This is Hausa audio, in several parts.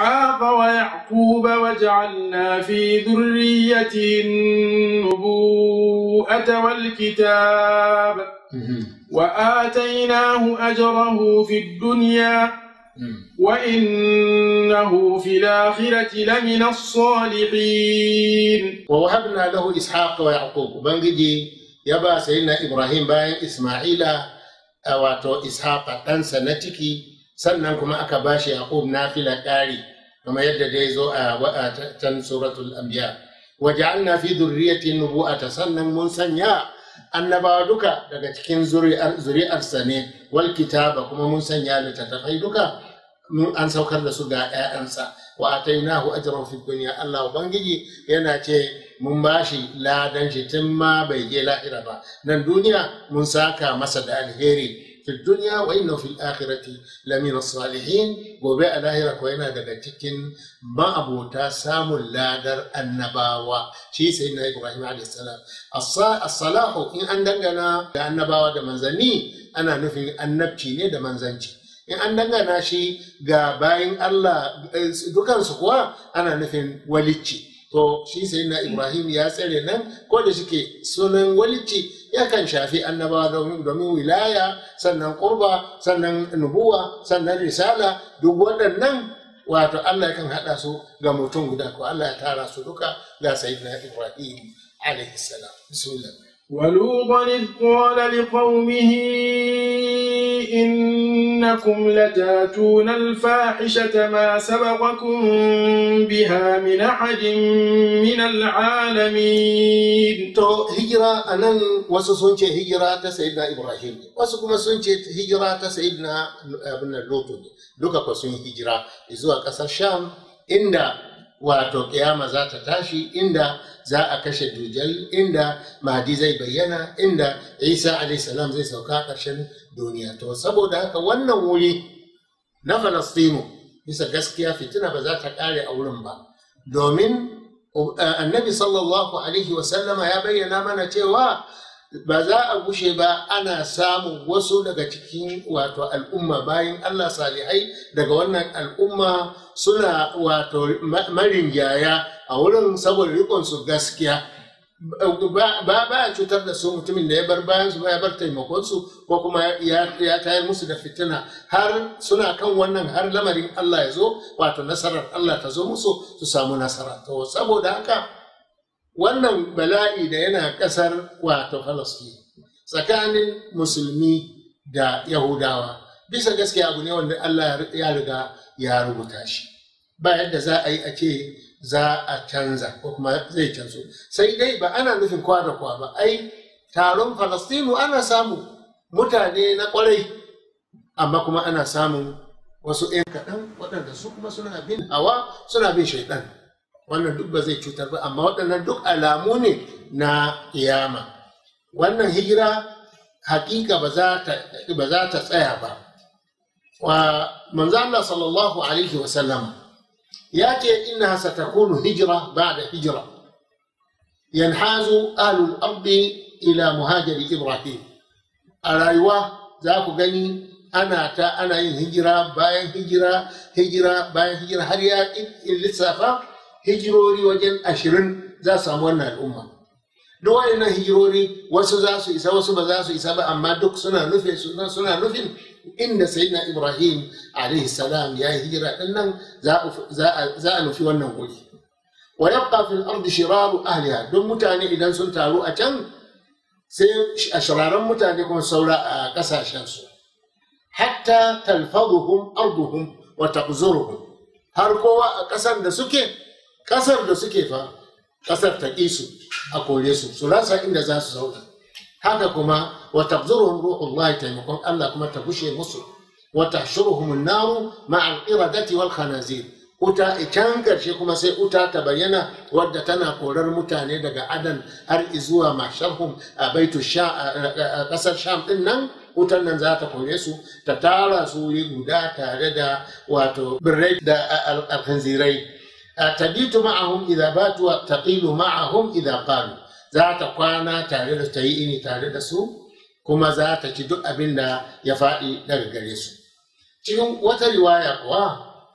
إسحاق ويعقوب وجعلنا في ذريته النبوءة والكتاب وآتيناه أجره في الدنيا وإنه في الآخرة لمن الصالحين ووهبنا له إسحاق ويعقوب بنجي يبا سيدنا إبراهيم باين إسماعيل أواتو إسحاق تنسى نتكي sannan kuma aka bashi yaqub nafila ƙari kamar yadda dai zo a can suratul anbiya na fi dhurriyyati nubuwata sannan mun sanya annabawa duka daga cikin zuri'arsa ne wal kitaba kuma mun sanya littattafai duka an saukar da su ga 'ya'yansa wa atainahu ajran fi dunya Allah ubangiji yana ce mun bashi ladan shi tun ma bai je lahira ba nan duniya mun saka masa da alheri duniya wa inna fil akhirati lamina salihin gobe a lahira ko yana daga cikin ma'abota samun ladar annabawa shi sai na ibrahim alayhis salam as-salahu in an dangana da annabawa da manzanni ana nufin annabci ne da manzanci in an dangana shi ga bayan Allah dukansu kuwa ana nufin walicci to shi sai ibrahim ya tsare nan ko da shike sunan walicci yakan shafi annabawa domin wilaya sannan kurba sannan nubuwa sannan risala duk waɗannan wato Allah yakan haɗa su ga mutum guda ko Allah ya tara su duka ga sayyidina Ibrahim alaihi salam bismillah ولوطا إذ قال لقومه إنكم لتاتون الفاحشة ما سبقكم بها من أحد من العالمين تو هجرة أنا وسسنك هجرة سيدنا إبراهيم وسكما سنك هجرة سيدنا ابن لوط لوكا سنك هجرة إزوا كسر شام إن wato kiyama za ta tashi inda za a kashe dujal inda mahdi zai bayyana inda isa alaihissalam zai sauka a ƙarshen duniya to saboda haka wannan wuri na falastinu bisa gaskiya fitina ba za ta ƙare a wurin ba domin uh, annabi sallallahu alaihi wasallama ya bayyana mana cewa ba za a gushe ba ana samun wasu daga cikin wato al'umma bayan Allah salihai daga wannan al'umma suna wato maringaya a wurin saboda rikon su gaskiya ba ba cutar da su mutumin da ya bar bayan su ya bar taimakon su ko kuma ya tayar musu da fitina har suna kan wannan har lamarin Allah ya zo wato nasarar Allah ta zo musu su samu nasara to saboda haka wannan bala'i da yana kasar wato Falastin tsakanin musulmi da yahudawa bisa gaskiya abu ne wanda allah ya riga ya rubuta shi ba yadda za a yi a ce za a canza ko kuma zai canzo sai dai ba ana nufin kwa da kwa ba ai taron falastinu ana samu mutane na kwarai amma kuma ana samun wasu 'yan kaɗan waɗanda su kuma suna bin hawa suna bin shaiɗan wannan duk ba zai cutar ba amma waɗannan duk alamu ne na kiyama wannan hijira hakika ba za ta tsaya ba wa manzo Allah sallallahu alaihi wasallam ya ce inna satakunu hijira ba'da hijira yanhazu ahlul ardi ila muhajiri ibrahim a rayuwa za ku gani ana ta ana yin hijira bayan hijira hijira bayan hijira har ya lissafa hijirori wajen ashirin za su samu wannan al'umma duk waɗannan hijirori wasu za su isa wasu ba za su isa ba amma duk suna nufin suna nufin inda sayyidina ibrahim alaihi salam ya hijira din nan za a nufi wannan guri wa yabqa fil ardi shiraru ahliha duk mutane idan sun taru a can sai a shiraran mutane kuma saura a kasashen su hatta talfaduhum arduhum wa taqzuruhum har kowa a ƙasan da suke kasar da suke fa kasar ta isu a kore su su rasa inda za su zauna haka kuma wa tabzuruhum ruhullahi taimakon Allah kuma ta bushe musu wa tahshuruhum an-naru ma'a al-iradati wal khanazir uta can karshe kuma sai uta ta bayyana wadda tana korar mutane daga adan har izuwa masharhum a baitu sha a kasar sham din nan wutan nan za ta kore su ta tara su wuri guda tare da wato birrai da alhanzirai tabitu ma'ahum idza batu wa taqilu ma'ahum idza qalu za ta kwana tare da ta yi ini tare da su kuma za ta ci duk abin da ya faɗi daga gare su cikin wata riwaya kuwa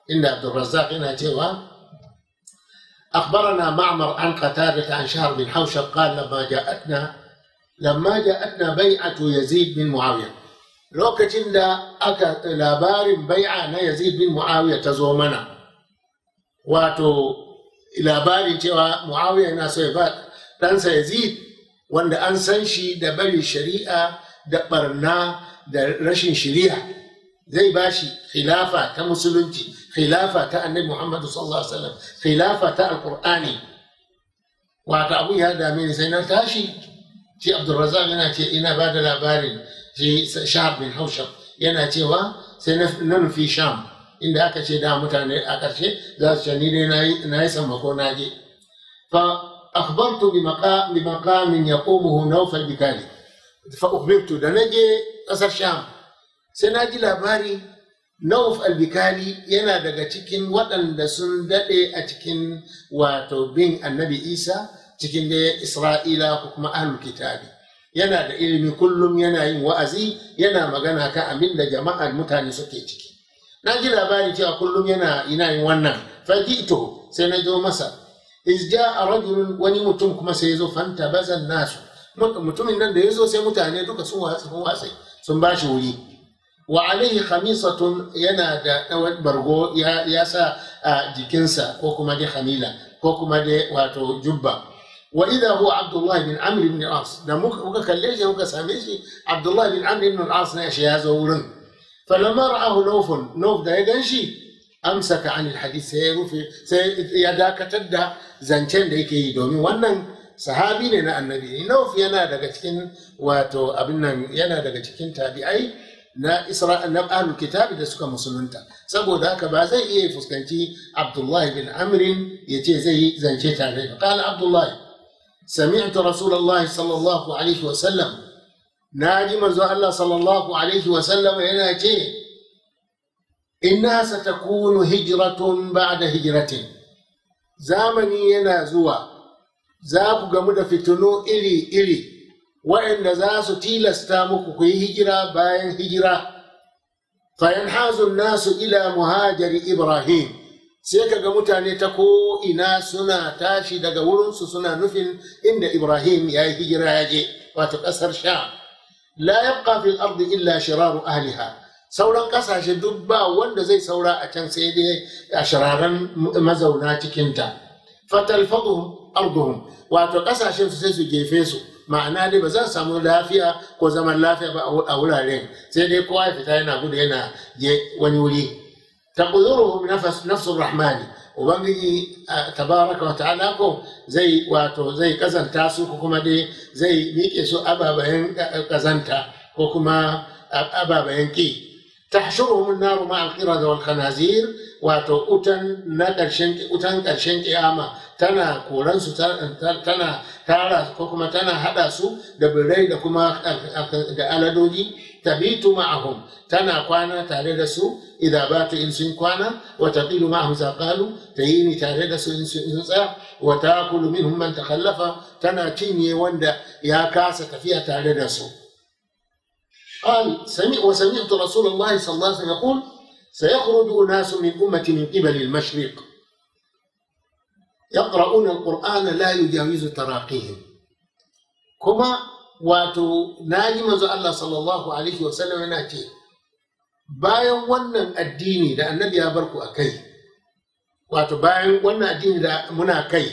inda Abdulrazzaq yana cewa أخبرنا معمر عن قتادة عن شهر بن حوشب قال لما جاءتنا لما جاءتنا بيعة يزيد بن معاوية لوكتين دا أكا لابار بيعة يزيد بن معاوية تزومنا wato labarin cewa muawiya yana so ya ba ɗansa yazid wanda an san shi da barin shari'a da ɓarna da rashin shari'a zai ba shi khilafa ta musulunci khilafa ta annabi muhammadu sallallahu alaihi wasallam khilafa ta alkur'ani wato abu ya dame ni sai na tashi shi abdulrazak yana ce ina ba da labarin shi bin haushab yana cewa sai na nufi sham inda aka ce da mutane a ƙarshe za su ce ni dai na yi sammako na je fa أخبرت بمقام بمقام يقومه Fa بكالي فأخبرت da na je ƙasar Sham sai na ji labari Nauf albikali yana daga cikin waɗanda sun daɗe a cikin wato bin annabi Isa cikin da Isra'ila ko kuma ahlul kitabi yana da ilimi kullum yana yin wa'azi yana magana ka abin da jama'ar mutane suke ciki na ji labari cewa kullum yana ina yin wannan fajito sai na zo masa izja a rajulun wani mutum kuma sai ya zo fanta bazan nasu mutumin nan da ya zo sai mutane duka sun wasa sun wasa sun ba shi wuri wa alaihi khamisatun yana da dawar bargo ya sa a jikinsa ko kuma dai khamila ko kuma dai wato jubba wa idha huwa abdullahi bin amr ibn as da muka kalle shi muka same shi abdullahi bin amr ibn as na shi ya zo wurin falamma ra'ahu nawfun nawf da ya ganshi amsaka anil hadith sai rufe sai ya dakatar da zancen da yake yi domin wannan sahabi ne na annabi nawf yana daga cikin wato abin nan yana daga cikin tabi'ai na isra na ahlu kitabi da suka musulunta saboda haka ba zai iya fuskanci abdullahi bin amrin ya ce zai yi zance tare da qala abdullahi sami'tu rasulullahi sallallahu alaihi wa sallam na ji manzu Allah sallallahu alaihi wa sallam yana ce inna satakunu hijratun ba'da hijratin zamani yana zuwa za ku gamu da fitinu iri-iri waɗanda za su tilasta muku ku yi hijira bayan hijira fayanhazun nasu ila muhajari ibrahim sai kaga mutane ta ko'ina suna tashi daga wurinsu suna nufin inda ibrahim ya yi hijira ya je wato ƙasar sha. la yabqa fil ardi illa shiraru ahliha sauran ƙasashe duk ba wanda zai saura a can sai dai a shiraran mazauna cikinta fatalfaduhum arduhum wato ƙasashen su sai su gefe su ma'ana dai ba zan samu lafiya ko zaman lafiya ba a wuraren sai dai kowa ya fita yana gudu yana je wani wuri taquduruhum nafs rahmani ubangiji eh, tabaraka wa ta'ala ko zai wato zai kazanta su ko kuma dai zai miƙe su ababayen eh, eh, kazanta ko kuma ababayen ki تحشرهم النار مع القردة والخنازير wato utan na ƙarshen utan ƙarshen kiyama tana koran su tana tara ko kuma tana hada su da birai da kuma da aladoji tabitu ma'ahum tana kwana tare da su idan ba ta in sun kwana wa taqilu ma'ahum saqalu ta yi ni tare da su tana cinye wanda ya kasa tafiya tare da su قال وسمعت رسول الله صلى الله عليه وسلم يقول سيخرج أناس من أمتي من قبل المشرق يقرؤون القرآن لا يجاوز تراقيهم كما wato na yi manzo Allah sallallahu alaihi wa sallam yana ce bayan wannan addini da annabi ya barku a kai wato bayan wannan addini da muna kai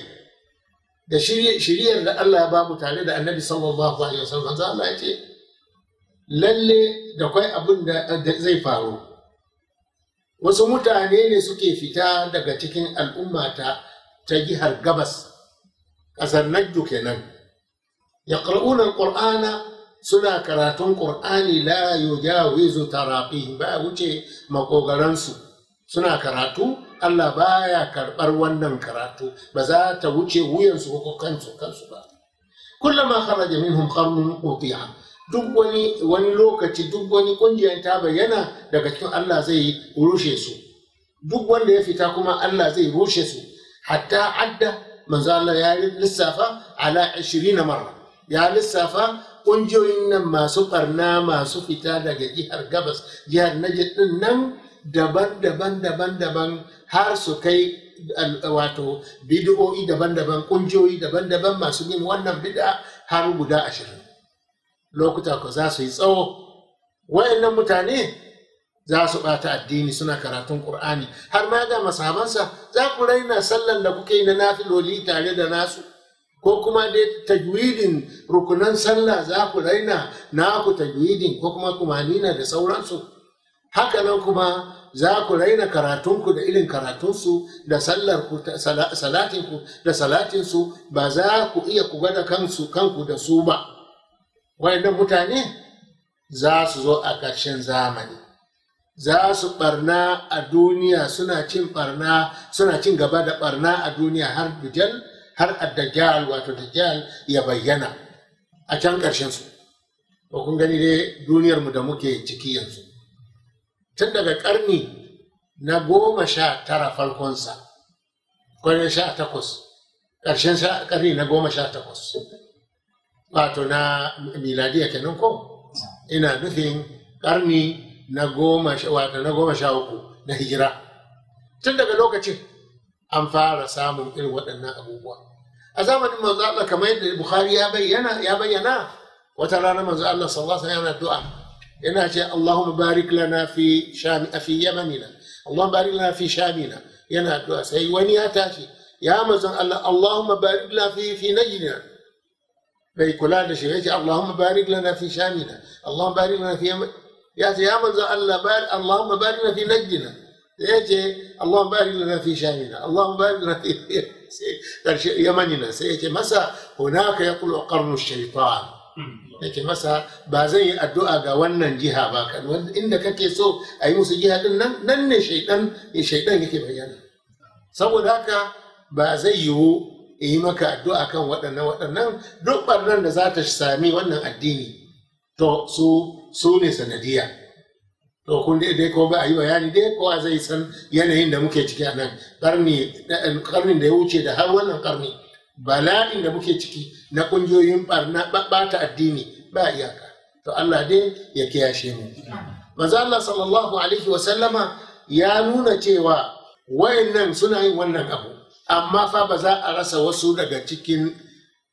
da shiriyar da Allah ya bamu tare da annabi sallallahu alaihi wa sallam manzo Allah ya ce lalle da kwai abin da zai faru wasu mutane ne suke fita daga cikin al'ummata ta jihar gabas ƙasar najdu kenan ya ƙar'unar ƙur'ana suna karatun ƙur'ani la ta rafi, ba wuce makogaransu suna karatu Allah baya karɓar wannan karatu ba za ta wuce wuyansu ko kansu ba Kullum kharaja minhum qarnun duk wani wani lokaci duk wani kungiyar ta bayyana daga cikin Allah zai rushe su duk wanda ya fita kuma Allah zai rushe su hatta adda manzo Allah ya lissafa ala 20 marra ya lissafa kungiyoyin nan masu barna masu fita daga jihar gabas jihar Najd din nan daban-daban daban-daban har su kai wato bidiyo'i daban-daban kungiyoyi daban-daban masu yin wannan bid'a har guda ashirin lokuta ko za su yi tsawo wayannan mutane za su ɓata addini suna karatun ƙur'ani har ma ga masabansa za ku raina sallan da kuke yi na nafiloli tare da nasu ko kuma dai tajwidin rukunan sallah za ku raina naku tajwidin ko kuma kumanina da sauransu haka nan kuma za ku raina karatunku da irin karatunsu da ku salatinku da salatinsu ba za ku iya ku gwada kansu kanku da su ba waɗannan mutane za su zo a ƙarshen zamani za su ɓarna a duniya suna cin ɓarna suna cin gaba da ɓarna a duniya har dujal har addajal wato dajjal ya bayyana a can ƙarshen su to kun gani dai duniyar mu da muke ciki yanzu tun daga ƙarni na goma sha tara farkonsa kwanan sha takwas ƙarshen ƙarni na goma sha takwas wato na miladiya kenan ko ina nufin karni na goma wato na goma sha uku na hijira tun daga lokacin an fara samun irin waɗannan abubuwa a zamanin manzo Allah kamar yadda Bukhari ya bayyana ya bayyana wata rana manzo Allah sallallahu alaihi wasallam yana du'a yana ce Allahumma barik lana fi sham fi yamanina Allahumma barik lana fi shamina yana du'a sai wani ya tashi ya manzo Allah Allahumma barik lana fi fi najdina فيقولان شيخ اللهم بارك لنا في شامنا اللهم بارك لنا في ياتي يا من اللهم بارك لنا في نجدنا ياتي اللهم بارك لنا في شامنا اللهم بارك لنا في يمننا سيأتي مسا هناك يطلع قرن الشيطان yake masa بازي الدعاء yi addu'a ga wannan jiha ba kan inda kake so a yi musu jiha din nan الشيطان ne shaidan shaidan yake bayyana saboda yi maka addu'a kan waɗannan waɗannan duk ɓarnar da za ta sami wannan addini to su ne sanadiyya. to kun dai ko ba a yi bayani dai kowa zai san yanayin da muke ciki a nan Ƙarni da ya wuce da har wannan karni bala'in da muke ciki na ƙungiyoyin ɓata addini ba iyaka to Allah dai ya kiyashe mu manzo Allah sallallahu alaihi wa sallama ya nuna cewa wayannan suna yin wannan abu amma fa ba za a rasa wasu daga cikin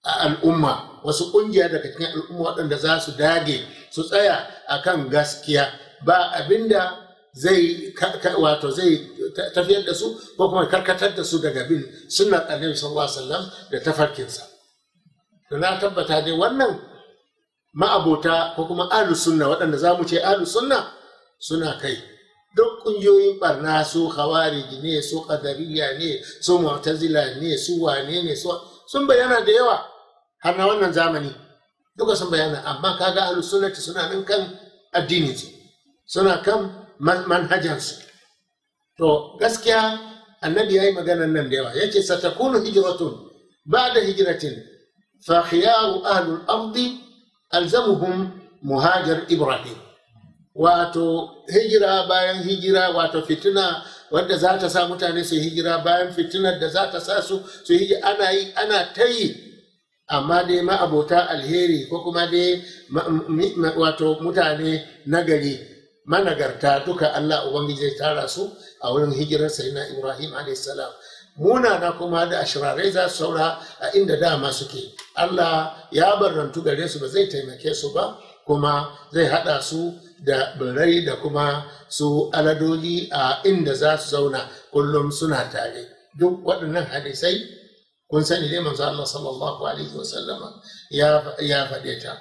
al'umma wasu ƙungiya daga cikin al'umma waɗanda za su dage su tsaya a kan gaskiya ba abinda zai wato zai tafiyar da su ko kuma karkatar da su daga bin sunnar annabi sallallahu alaihi da tafarkinsa na tabbata dai wannan ma'abota ko kuma ahlus sunna waɗanda za mu ce ahlus sunna suna kai duk ƙungiyoyin ɓarna, su khawarij ne su ƙadariya ne su mu'tazila ne su wane ne sun bayyana da yawa har na wannan zamani duka sun bayyana amma kaga ahlus sunnati suna nan kan addinin su suna kan manhajan su to gaskiya annabi yayi maganan nan da yawa yace satakunu hijratun ba'da hijratin fa khiyaru ahlul ardi alzamuhum muhajar ibrahim wato hijira bayan hijira wato fitina wadda za ta sa mutane su hijira bayan fitinar da za ta sa su su hijira ana yi ana ta yi amma dai ma'abota alheri ko kuma dai wato mutane nagari managarta duka Allah Ubangiji zai tara su a wurin hijirar na Ibrahim alaihissalam na kuma da ashirarai za su saura a inda dama suke Allah ya barrantu gare su ba zai taimake su ba kuma zai hada su da birrai da kuma su aladoji a inda za su zauna kullum suna tare duk waɗannan hadisai kun sani dai manzo Allah sallallahu alaihi wasallama ya faɗe ta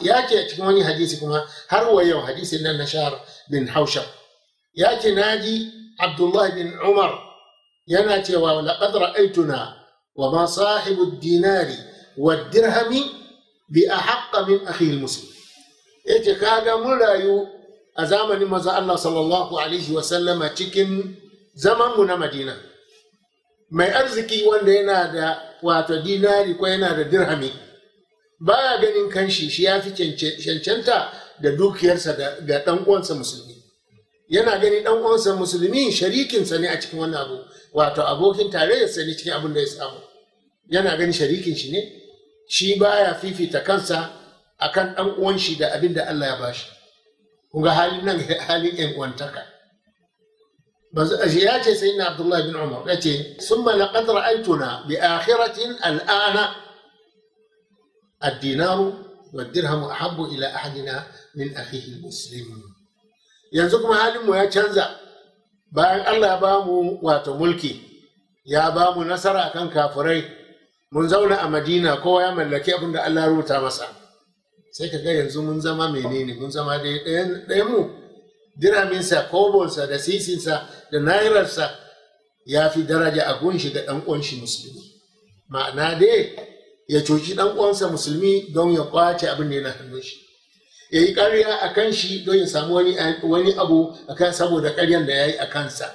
ya ce cikin wani hadisi kuma har wa yau hadisin nan na shahar bin hausha ya ce naji abdullahi bin umar yana cewa laqad ra'aytuna wa ma sahibu dinari wa dirhami bi ahaqqa min akhi muslim ya kaga mun rayu a zamanin maza Allah sallallahu alaihi sallama cikin zaman mu na madina mai arziki wanda yana da wato dinari ko yana da dirhami baya ganin kanshi shi ya fi cancanta da dukiyarsa ga ɗan uwansa musulmi yana gani ɗan uwansa musulmi sharikinsa ne a cikin wannan abu wato abokin tarayyarsa ne cikin abin da ya samu yana gani sharikin shi ne shi baya fifita kansa akan ɗan uwan shi da abin da Allah ya bashi kun ga halin nan halin ƴan uwantaka ya ce sai na Abdullahi bin Umar ya ce summa laqad ra'aytuna bi akhiratin al'ana ad wa dirham ahabbu ila ahadina min akhihi muslim yanzu kuma halin mu ya canza bayan Allah ya bamu wato mulki ya bamu nasara kan kafirai mun zauna a Madina kowa ya mallaki abin da Allah ya rubuta masa sai ka ga yanzu mun zama menene mun zama ɗaya mu diraminsa kobonsa da sisinsa da nairarsa ya fi daraja a gunshi ga ɗan musulmi ma'ana dai ya coci ɗan ƙwansa musulmi don ya kwace abin da yana hannun shi ya yi ƙarya a kan shi don ya samu wani abu a kan saboda ƙaryan da ya yi a kansa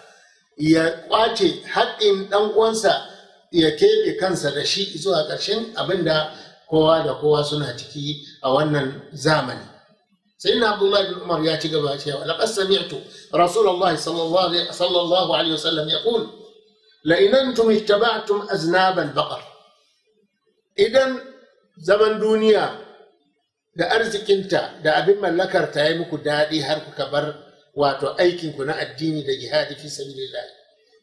ya kwace haƙƙin ɗan uwansa ya keɓe kansa da shi zuwa ƙarshen abin da kowa da kowa suna ciki a wannan zamani sai na abdullahi bin umar ya ci gaba cewa laqad sami'tu rasulullahi sallallahu alaihi wasallam yaqul la in antum ittaba'tum aznab al-baqar idan zaman duniya da arzikinta da abin mallakarta ya muku daɗi har kuka bar wato aikinku na addini da jihadi fi sabilillah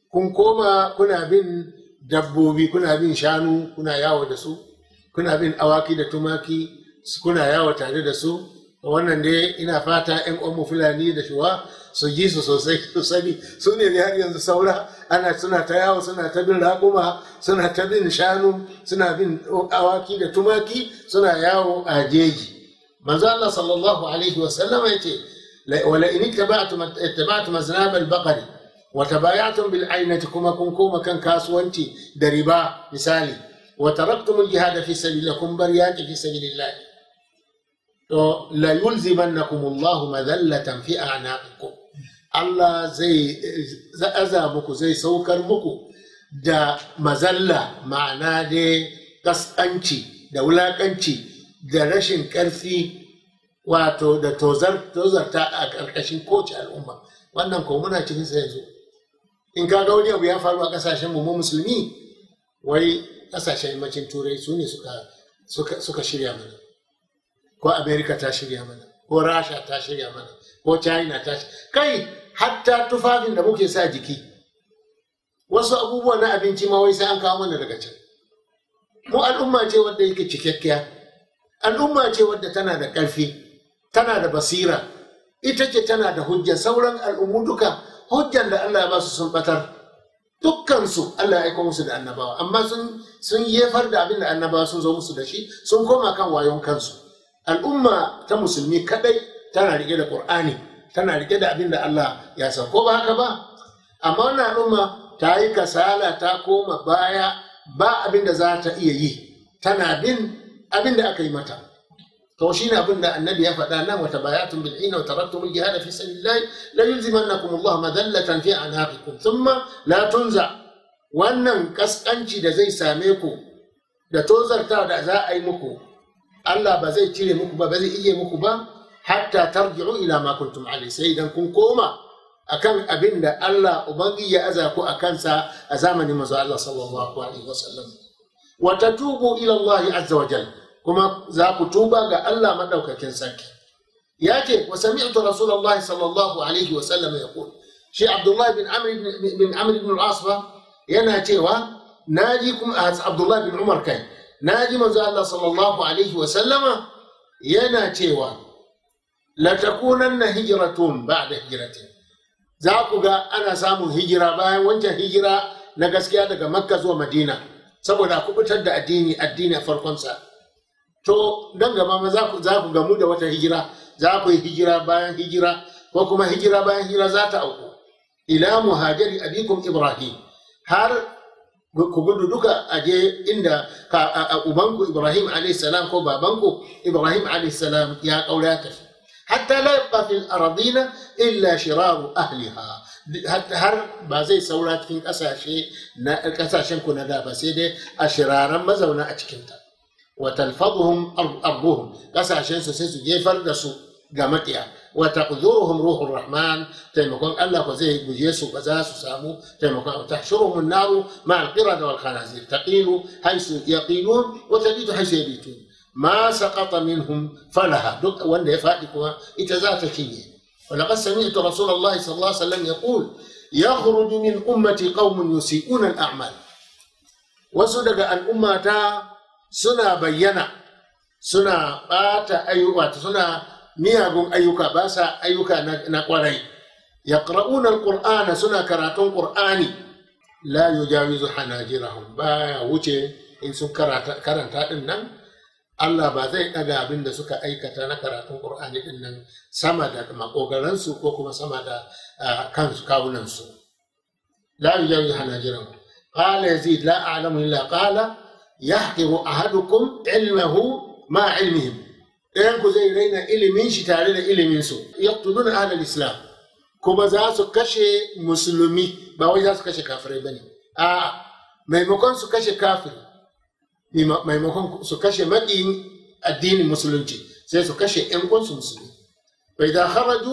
kun koma kuna bin dabbobi kuna bin shanu kuna yawo da su kuna bin awaki da tumaki kuna yawo tare da su wannan dai ina fata yan uwanmu fulani da shuwa su ji su sosai su sani su ne ne har yanzu saura ana suna ta yawo suna ta bin raƙuma suna ta bin shanu suna bin awaki da tumaki suna yawo a jeji manzo Allah sallallahu alaihi wa sallam yace wala in ittaba'tum ittaba'tum aznab al-baqari wa tabaya'tum bil aynati kuma kun koma kan kasuwanci da riba misali wa taraktumul jihada fi sabilillah kun bar yaki fi sabilillah to la yulzimannakum Allahu madallatan fi a'naqikum Allah zai aza muku zai saukar muku da mazalla ma'ana dai kaskanci da wulaƙanci da rashin ƙarfi wato da tozarta a ƙarƙashin koci al'umma wannan ko muna cikin yanzu in ka ga wani abu ya faru a ƙasashen mu musulmi wai kasashen yammacin turai su ne suka shirya mana ko amerika ta shirya mana ko rasha ta shirya mana ko china ta shirya. kai hatta tufafin da muke sa jiki wasu abubuwa na abinci ma wai sai an kawo mana daga can mu al'umma ce wadda yake cikakkiya al'umma ce wadda tana da ƙarfi tana da basira ita ce tana da hujja sauran al'ummu duka hujjan da allah ya ba su sun batar dukkansu Allah ya aiko musu da annabawa amma sun sun yefar da abin da annabawa sun zo musu da shi sun koma kan wayon kansu al'umma ta musulmi kadai tana rike da qur'ani tana rike da abin da Allah ya san ko ba haka ba amma wannan al'umma ta yi kasala ta koma baya ba abin da za ta iya yi tana bin abin da aka yi mata to shine abin da annabi ya faɗa nan wata bayatun bil ina wata rattu mul jihada fi sabilillah la yulzimannakum Allah madallatan fi anhaqikum thumma la tunza wannan kaskanci da zai same ku da tozarta da za a yi muku Allah ba zai cire muku ba ba zai iya muku ba hatta tarji'u ila ma kuntum alai sai idan kun koma akan abin da Allah ubangi ya aza ku a kansa a zamanin manzo Allah sallallahu alaihi wasallam wa tatubu ila Allah azza wa jalla kuma za ku tuba ga Allah maɗaukakin sarki ya ce wa sami'tu rasulullahi sallallahu alaihi wa sallam ya ku shi abdullahi bin amr bin amr bin al yana cewa na ji kuma a ah, abdullahi bin umar kai Na ji manzo Allah sallallahu alaihi wa sallama yana cewa la takunanna da hijira hijratin za ku ga ana samun hijira bayan wancan hijira na gaskiya daga makka zuwa madina saboda kubutar da addini addini a farkonsa to dan gaba ma za ku za ku gamu da wata hijira za ku yi hijira bayan hijira ko kuma hijira bayan hijira za ta auku ila muhajiri abikum ibrahim har ku gudu duka aje inda ubanku ibrahim alayhi salam ko babanku ibrahim alayhi salam ya kaura ta hatta la yabqa fil ardina illa shiraru ahliha har ba zai saura cikin kasashe na kasashen ku na da ba sai dai a shiraran mazauna a cikin ta وتلفظهم أرضهم بس عشان سوسيس جيفر فردسو قامتها وتقذرهم روح الرحمن تيمكون الله وزي بجيسو بزاسو سامو تيمكون وتحشرهم النار مع القردة والخنازير تقيل حيث يقيلون وتبيت حيث يبيتون ما سقط منهم فلها دك وان يفاتكها اتزات ولقد سمعت رسول الله صلى الله عليه وسلم يقول يخرج من أمتي قوم يسيئون الأعمال وسدد أن أمتا suna bayyana suna ɓata ayyuka suna miyagun ayyuka ba sa ayyuka na ƙwarai yaqra'una ƙur'ana suna karatun ƙur'ani la yujawizu hanajirahum baya wuce in sun karanta din nan Allah ba zai ɗaga abin da suka aikata na karatun Ƙur'ani ɗin nan sama da maƙogaransu ko kuma sama da kansu kawunansu. La hana jira, ƙala ya la a'lamu illa ƙala. yahqiru ahadukum ilmahu ma ilmihim ɗayan ku zai raina ilimin shi tare da ilimin su yaqtuluna ahlal islam kuma za su kashe musulmi ba wai za su kashe kafirai bane a maimakon su kashe kafiri maimakon su kashe maƙiyin addinin musulunci sai su kashe ƴan uwansu musulmi bai da kharaju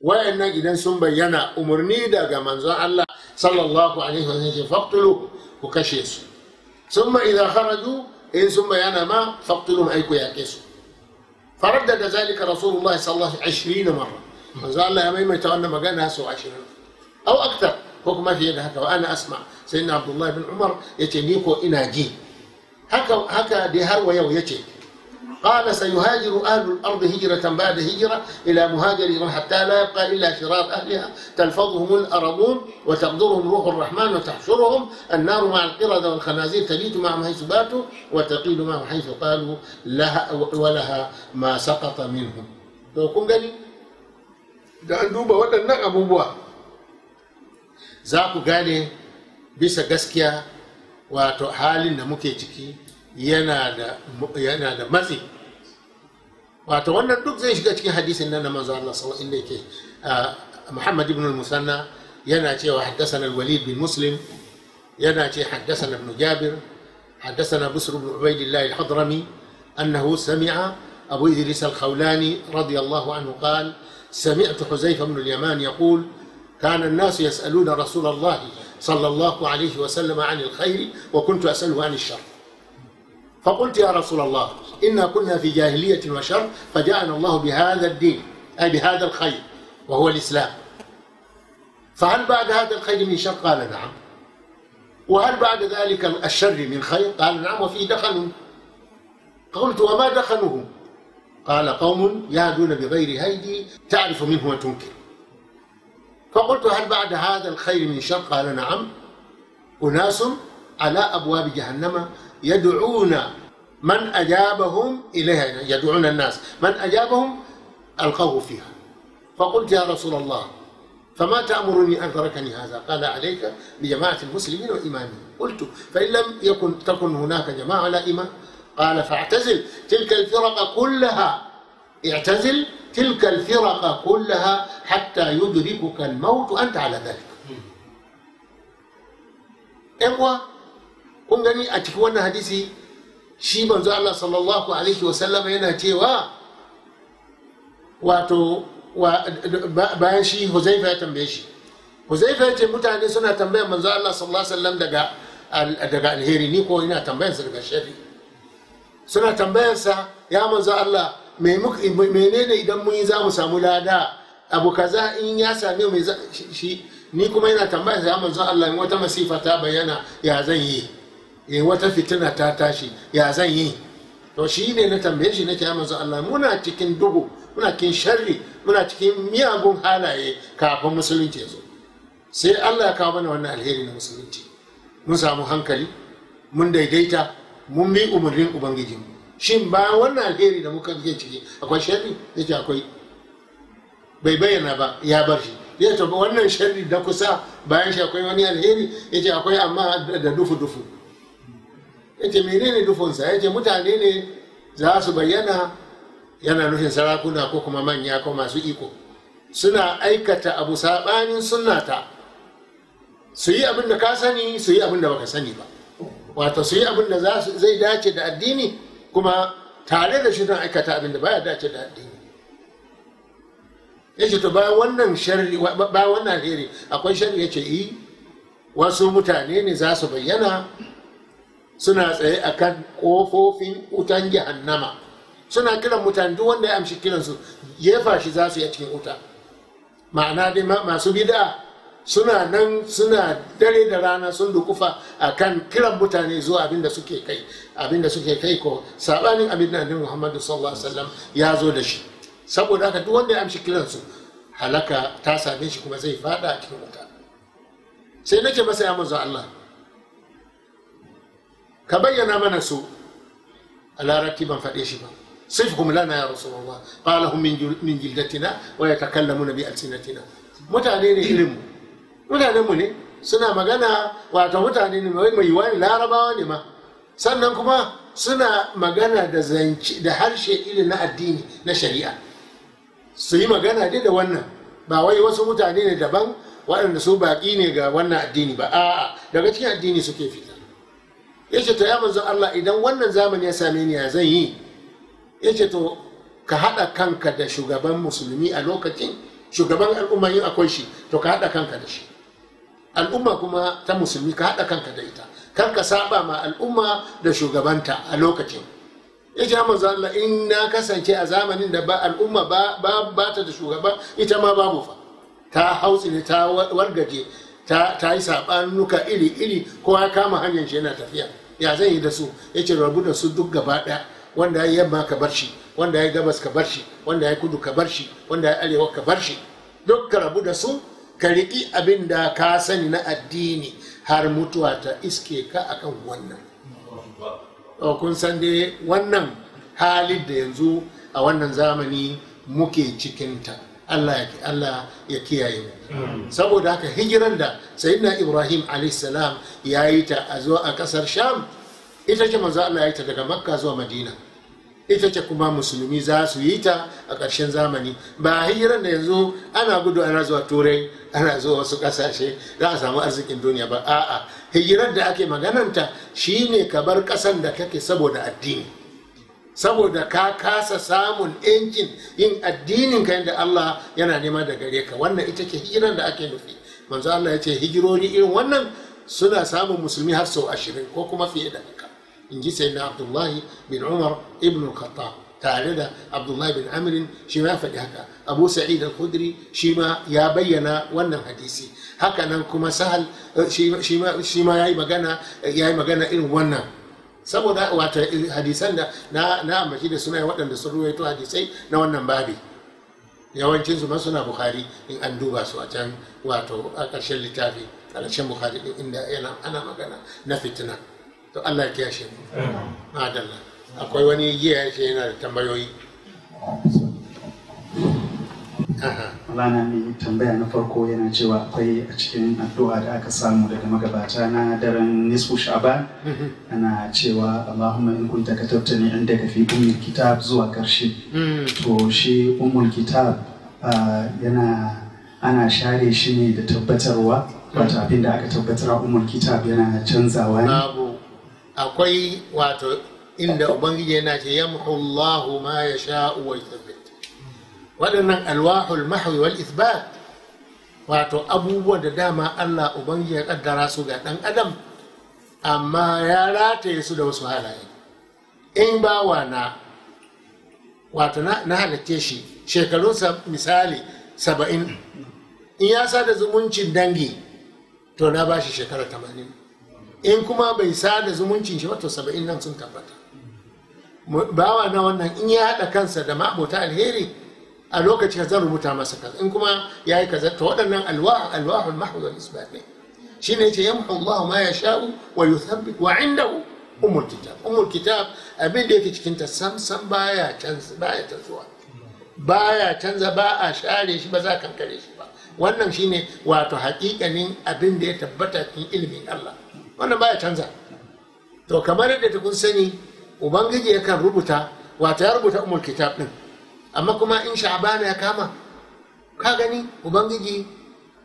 wayannan idan sun bayyana umarni daga manzon Allah sallallahu alaihi wasallam faqtulu ku kashe su ثم إذا خرجوا إن ثم ينما فاقتلهم أيكو كيسو فردد ذلك رسول الله صلى الله عليه وسلم عشرين مرة فقال الله ما يتغنى مقالها سوى عشرين أو أكثر ما في هكا وأنا أسمع سيدنا عبد الله بن عمر يتنيكو إناجي هكا هكا دي هر ويو يتنيكو قال سيهاجر أهل الأرض هجرة بعد هجرة إلى مهاجرهم حتى لا يبقى إلا شرار أهلها تلفظهم الأرضون وتقدرهم روح الرحمن وتحشرهم النار مع القردة والخنازير تبيت معهم حيث باتوا وتقيل معهم حيث قالوا لها ولها ما سقط منهم توكم قال da an duba waɗannan abubuwa za ku gane bisa gaskiya wato halin da muke wato wannan duk zai shiga cikin hadisin nan na manzo Allah sallallahu alaihi wasallam inda yake Muhammad ibn al-Musanna yana cewa haddathana al-Walid bin Muslim yana ce haddathana ibn Jabir حدثنا بسر بن عبيد الله الحضرمي أنه سمع أبو إدريس الخولاني رضي الله عنه قال سمعت حزيفة بن اليمان يقول كان الناس يسألون رسول الله صلى الله عليه وسلم عن الخير وكنت أسأله عن الشر فقلت يا رسول الله إنا كنا في جاهلية وشر فجاءنا الله بهذا الدين أي بهذا الخير وهو الإسلام فهل بعد هذا الخير من شر قال نعم وهل بعد ذلك الشر من خير قال نعم وفي دخن قلت وما دخنه قال قوم يهدون بغير هيدي تعرف منه وتنكر فقلت هل بعد هذا الخير من شر قال نعم أناس على أبواب جهنم يدعون من أجابهم إليها يدعون الناس من أجابهم ألقوه فيها فقلت يا رسول الله فما تأمرني أن تركني هذا قال عليك بجماعة المسلمين وإمامهم قلت فإن لم يكن تكن هناك جماعة لا إمام قال فاعتزل تلك الفرق كلها اعتزل تلك الفرق كلها حتى يدركك الموت أنت على ذلك إخوة kun gani a cikin wannan hadisi shi manzo Allah sallallahu alaihi wasallama yana cewa wato bayan shi Huzaifa ya tambaye shi Huzaifa ya ce mutane suna tambayar manzo Allah sallallahu alaihi wasallam daga daga alheri ni ko ina tambayarsa daga sharri suna tambayarsa ya manzo Allah menene idan mun yi za mu samu lada abu kaza in ya same mai shi ni kuma ina tambayarsa ya manzo Allah in wata masifa ta bayyana ya zan yi e wata fitina ta tashi ya zan yi to shi ne na tambaye shi nake manzo Allah muna cikin duhu muna cikin sharri muna cikin miyagun halaye kafin musulunci ya zo sai Allah ya kawo mana wannan alheri na musulunci mun samu hankali mun daidaita mun bi umarnin ubangiji shin bayan wannan alheri da muka fiye ciki akwai sharri yake akwai bai bayyana ba ya bar shi ya taba wannan sharri da kusa bayan shi akwai wani alheri yake akwai amma da dufu dufu yace menene dufunsa yace mutane ne za su bayyana yana nufin sarakuna ko kuma manya ko masu iko suna aikata abu saɓanin sunnata su yi abin da ka sani su yi abin da baka sani ba wato su yi abin da zai dace da addini kuma tare da shi don aikata abin da baya dace da addini ya ce to bayan wannan sharri bayan wannan alheri akwai sharri ya ce yi eh, wasu mutane ne za su bayyana suna tsaye a kan kofofin wutan jahannama suna kiran mutane duk wanda ya amshi kiransu jefa shi za su yi a cikin wuta ma'ana dai masu bid'a suna nan suna dare da rana sun dukufa a kan kiran mutane zuwa abinda suke kai abinda suke kai ko sabanin abin da annabi Muhammadu sallallahu alaihi ya zo da shi saboda haka duk wanda ya amshi kiransu halaka ta same shi kuma zai fada a cikin wuta sai nake masa ya manzo Allah ka bayyana mana su a larabci ban faɗe shi ba sifhum lana ya rasulullah qala hum min jildatina wa yatakallamuna bi alsinatina mutane ne irin mu mutanen mu ne suna magana wato mutane ne mai mai wani larabawa ne ma sannan kuma suna magana da zance da harshe irin na addini na shari'a su yi magana dai da wannan ba wai wasu mutane ne daban waɗanda su baƙi ne ga wannan addini ba a'a daga cikin addini suke fita ya ce to ya manzo Allah idan wannan zamani ya same ni ya zan yi ya ce to ka haɗa kanka da shugaban musulmi a lokacin shugaban al'umma yin akwai shi to ka haɗa kanka da shi al'umma kuma ta musulmi ka haɗa kanka da ita kan ka saba ma al'umma da shugabanta a lokacin ya ce manzo Allah in na kasance a zamanin da ba al'umma ba ta da shugaba ita ma babu fa ta hautsine ta wargaje ta yi saɓanuka iri-iri kowa kama hanyar shi yana tafiya ya zai yi da su ya ce rabu da su duk gaba ɗaya wanda ya yi yamma ka bar shi wanda ya yi gabas ka bar shi wanda ya yi kudu ka bar shi wanda ya yi arewa ka bar shi duk ka rabu da su ka riƙi abin da ka sani na addini har mutuwa ta iske ka akan wannan kun san dai wannan halin da yanzu a wannan zamani muke cikinta. Allah ya kiyaye mu saboda haka hijiran da sayyidina Ibrahim alaihissalam ya yi ta a zuwa a kasar Sham ita ce manzo Allah ya yi ta daga Makka zuwa Madina ita ce kuma musulmi za su yi ta a ƙarshen zamani ba hijiran da yanzu ana gudu ana zuwa turai ana zuwa wasu ƙasashe za a samu arzikin duniya ba a'a hijirar da ake magananta shine ka bar ƙasan da kake saboda addini saboda ka kasa samun yankin yin addinin ka yadda Allah yana nema da gare ka wannan ita ce hijiran da ake nufi manzo Allah ya ce hijirori irin wannan suna samun musulmi har sau ashirin ko kuma fiye da haka in ji sai na Abdullahi bin Umar ibn Khattab tare da Abdullahi bin Amirin, shi ma ya faɗi haka Abu Sa'id al-Khudri shi ma ya bayyana wannan hadisi haka nan kuma Sahal shi ma ya yi magana irin wannan saboda wato hadisan da na na ambaci da suna waɗanda sun ruwaito hadisai na wannan babi yawancin su suna bukhari in an duba su a can wato a ƙarshen littafi a ƙarshen bukhari din inda yana ana magana na fitina to Allah ya kiyashe mu akwai wani giya yake yana da tambayoyi Maulana mai tambaya na farko yana cewa akwai a cikin addu'a da aka samu daga magabata na daren nisfu sha'ban mhm. ana cewa Allahumma in kunta katabta ni inda ka fi ummul kitab zuwa karshe mm. to shi ummul kitab yana ana share shi ne da tabbatarwa wato abin da aka tabbatar a ummul kitab yana canzawa ne akwai wato inda ubangiji yana ce yamhu Allahu ma yasha'u wa yuthabbit waɗannan alwahul mahwi wal isbat wato abubuwan da dama Allah ubangiji ya kaddara su ga ɗan adam amma ya rataye su da wasu halaye in bawa na wato na halatte shi shekarunsa misali saba'in in ya sada zumuncin dangi to na ba shi shekara tamanin in kuma bai sada zumuncin shi wato saba'in nan sun tabbata bawa na wannan in ya haɗa kansa da ma'abota alheri a lokaci zan rubuta masa kaza in kuma ya yi kaza To waɗannan alwahu alwahul mahzul isbat ne shine yace yamhu Allah ma yasha'u wa yuthabbit wa indahu umul kitab umul kitab abin da yake cikin ta sam sam baya canza baya tazuwa baya canza ba a share shi ba za ka kankare shi ba wannan shine wato haƙiƙanin abin da ya tabbata cikin ilimin Allah wannan baya canza to kamar yadda ta kun sani ubangiji yakan rubuta wato ya rubuta umul kitab din amma kuma in sha'abana ya kama ka gani ubangiji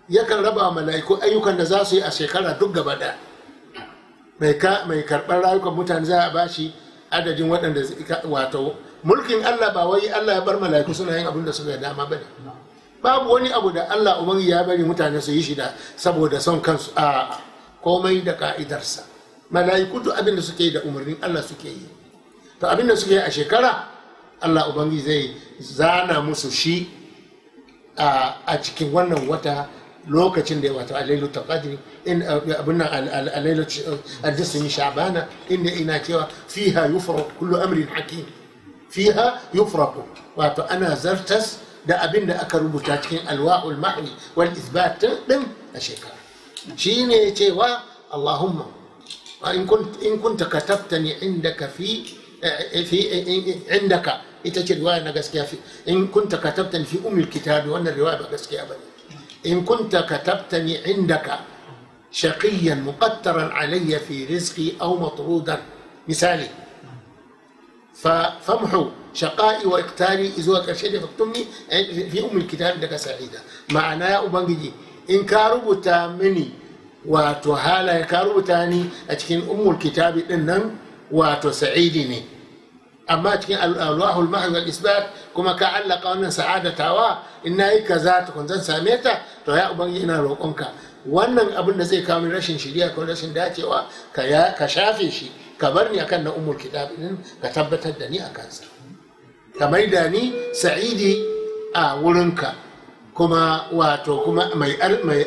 yakan raba mala'iku ayyukan da za su yi a shekara duk gaba da mai karɓar rayukan mutane za a bashi adadin waɗanda wato mulkin Allah ba wai Allah ya bar mala'iku suna yin abin da suka dama bane babu wani abu da Allah ubangi ya bari mutane su yi shi da saboda son kansu a komai da ka'idarsa mala'iku duk abin da suke yi da umarnin Allah suke yi to abin da suke yi a shekara Allah Ubangiji zai zana musu shi a cikin wannan wata lokacin da ya wato a lailatul in eh, abin nan a lailatul eh, sha'bana inda ina cewa fiha yufra kullu amrin hakim fiha yufraqu wato ana zartas da abin da aka rubuta cikin alwa'ul mahwi wal ithbat din a shekara shine cewa allahumma in kunta katabtani indaka fi eh, indaka ita ce riwaya na gaskiya in kunta katabtani fi umil kitabi wannan riwaya ba gaskiya bane in kunta katabtani indaka shaqiyan muqattaran alayya fi rizqi aw matrudan misali fa famhu shaqa'i wa iqtari izuwa karshe da faktumni eh, fi umil kitabi daga sa'ida ma'ana ya ubangiji in ka rubuta mini wato halaye ka rubuta ni a cikin umul kitabi din nan wato sa'idi ne amma cikin alwahul mahazal isbat kuma ka allaka wannan sa'ada tawa yi yi kaza tukun zan same ta to ya ubangi ina roƙonka wannan abin da zai kawo rashin shiriya ko rashin dacewa ka shafe shi ka bar ni akan na umul kitab din ka tabbatar da ni a kansa ka maida ni sa'idi a wurinka kuma wato kuma mai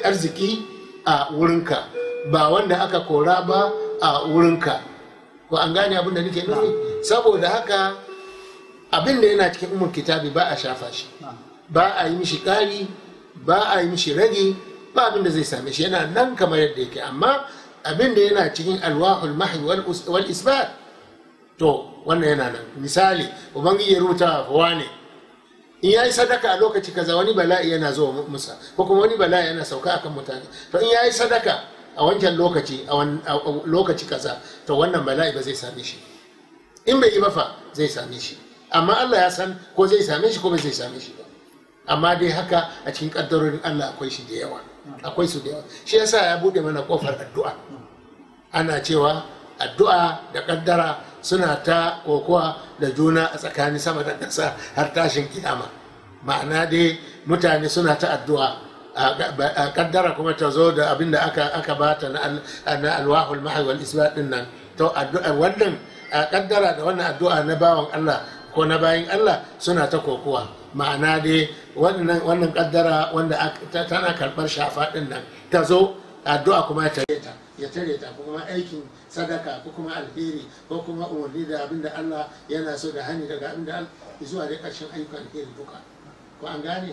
arziki a wurinka ba wanda aka kora ba a wurinka ko an gane abin da nake nufi saboda haka abin da yana cikin umar kitabi ba a shafa shi ba a yi mishi ƙari ba a yi mishi rage ba abin da zai same shi yana nan kamar yadda yake amma abin da yana cikin alwahul mahi wal isbat to wannan yana nan misali ubangiji ya rubuta wa ne in ya yi sadaka a lokaci kaza wani bala'i yana zuwa musa ko kuma wani bala'i yana sauka akan mutane to in ya yi sadaka a wancan lokaci a lokaci kaza to wannan bala'i ba zai same shi in bai yi mafa zai same shi amma Allah ya san ko zai same shi ko bai zai same shi ba amma dai haka a cikin kaddarorin Allah akwai shi da yawa akwai su da yawa shi yasa ya bude mana kofar addu'a ana cewa addu'a da kaddara suna ta kokowa da juna a tsakanin sama da ƙasa har tashin kiyama ma'ana dai mutane suna ta addu'a A kaddara kuma ta zo da abin da aka bata na alwahul mahai wal din nan to addu'a wannan kaddara da wannan addu'a na bawan Allah ko na bayin Allah suna ta kokuwa ma'ana dai wannan kaddara wanda tana karɓar shafa din nan ta zo addu'a kuma ta ta ya tare ta kuma aikin sadaka ko kuma alheri ko kuma umarni da abin da Allah yana so da hani daga abin da zuwa da ƙarshen ayyukan alheri duka ko an gane